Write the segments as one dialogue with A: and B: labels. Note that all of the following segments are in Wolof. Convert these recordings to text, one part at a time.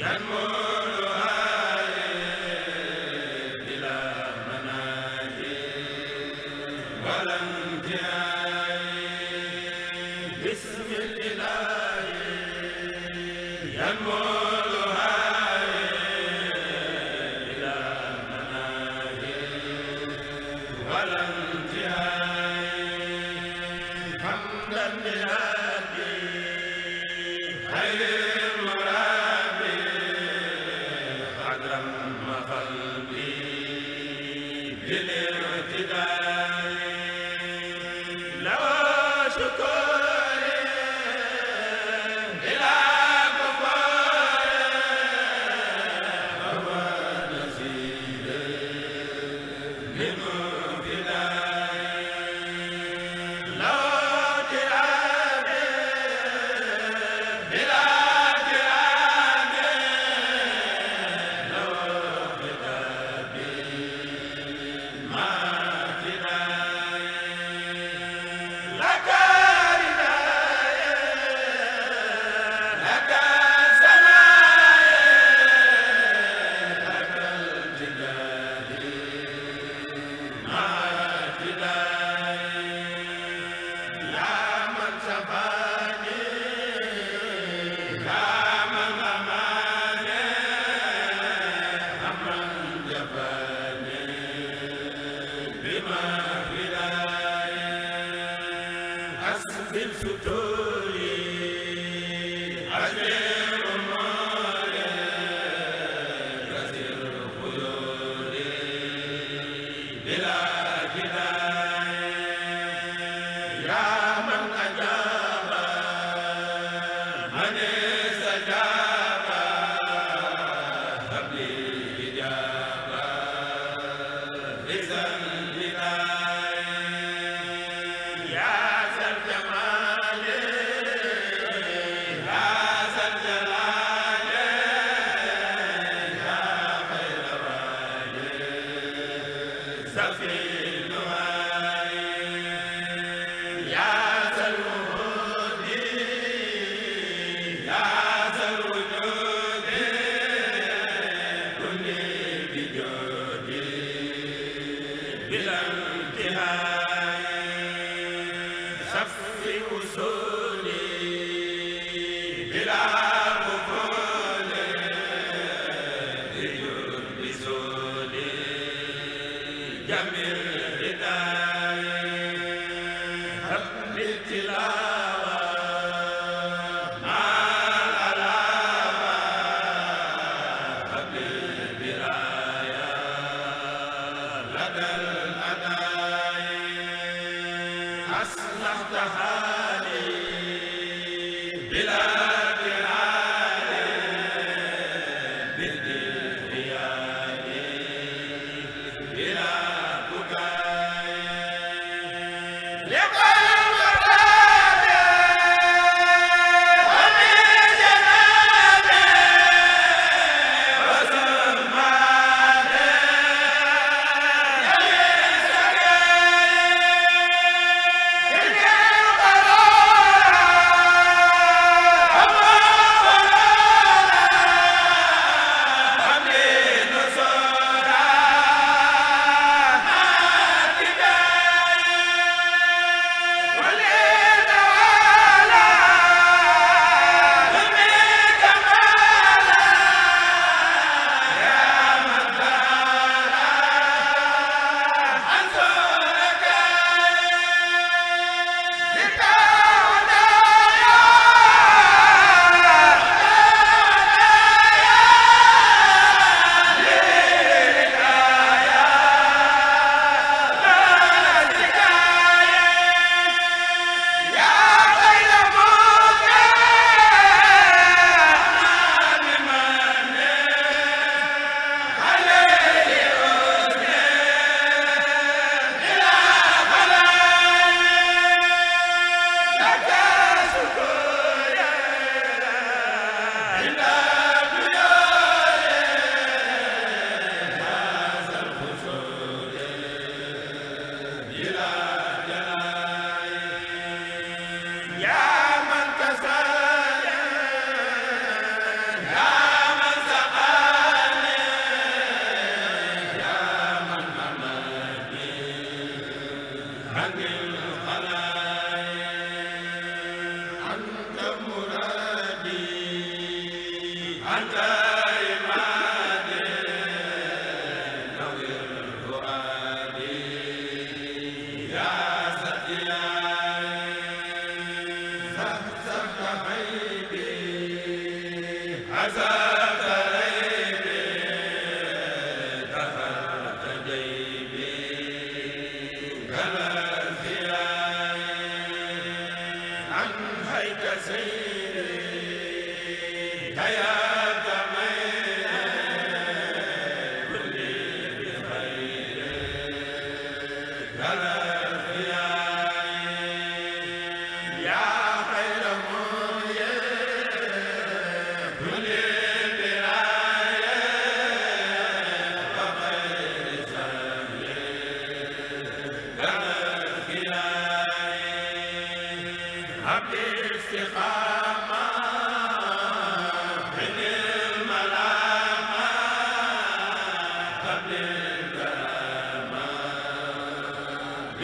A: yan jàmmee Amérique ila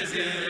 A: Is it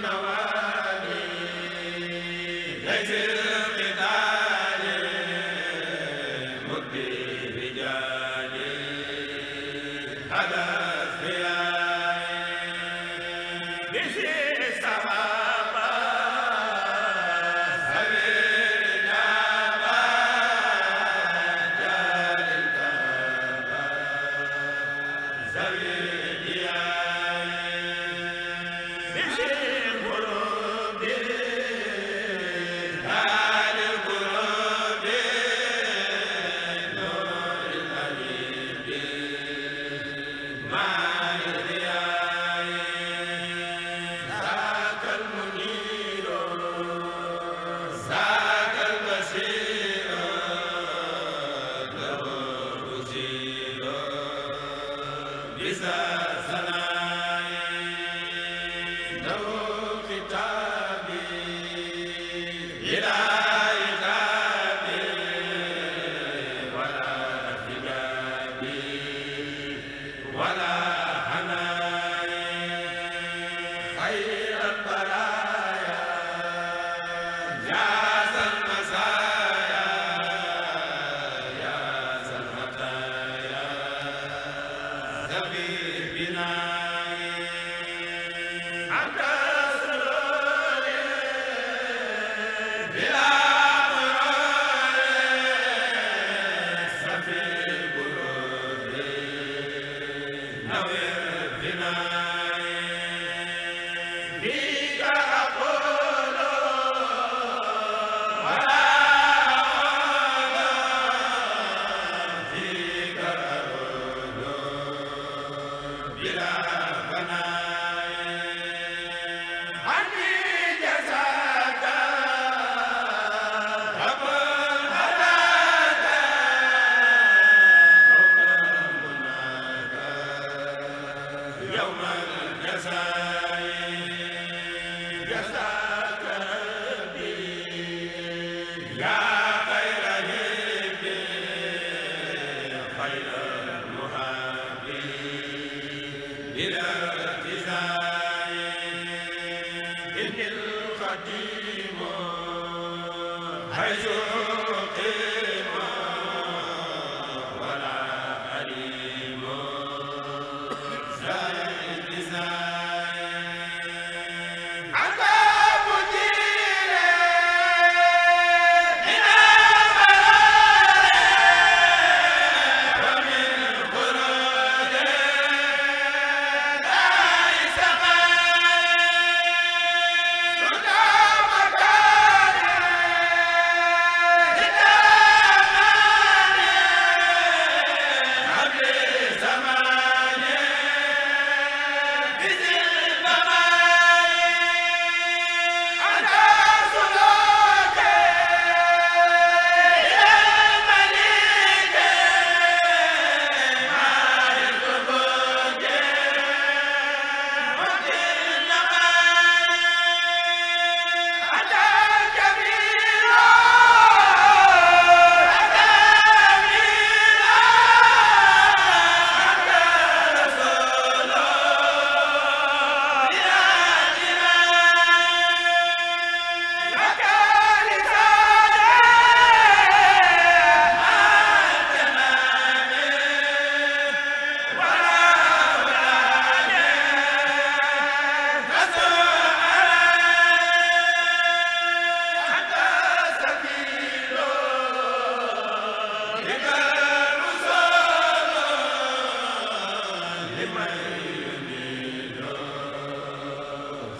A: ndawa بنا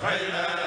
A: خير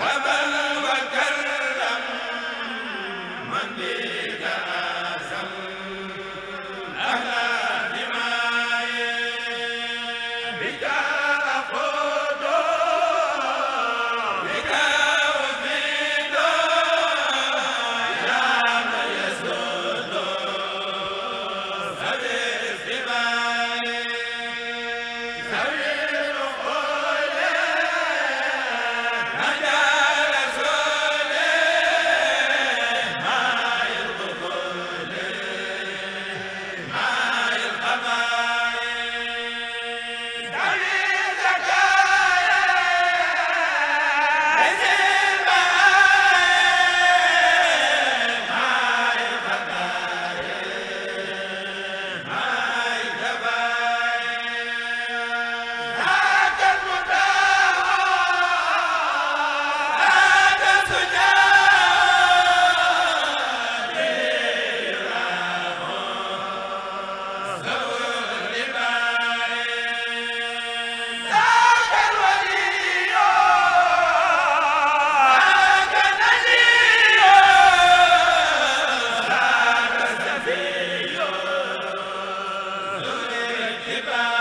A: Baba Ibrahima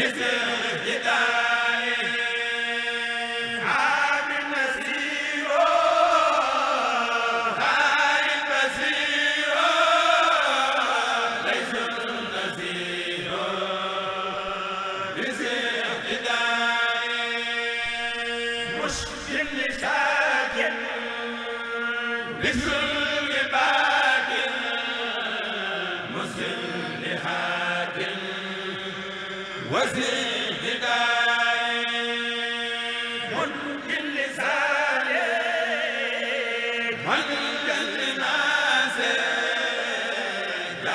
A: gis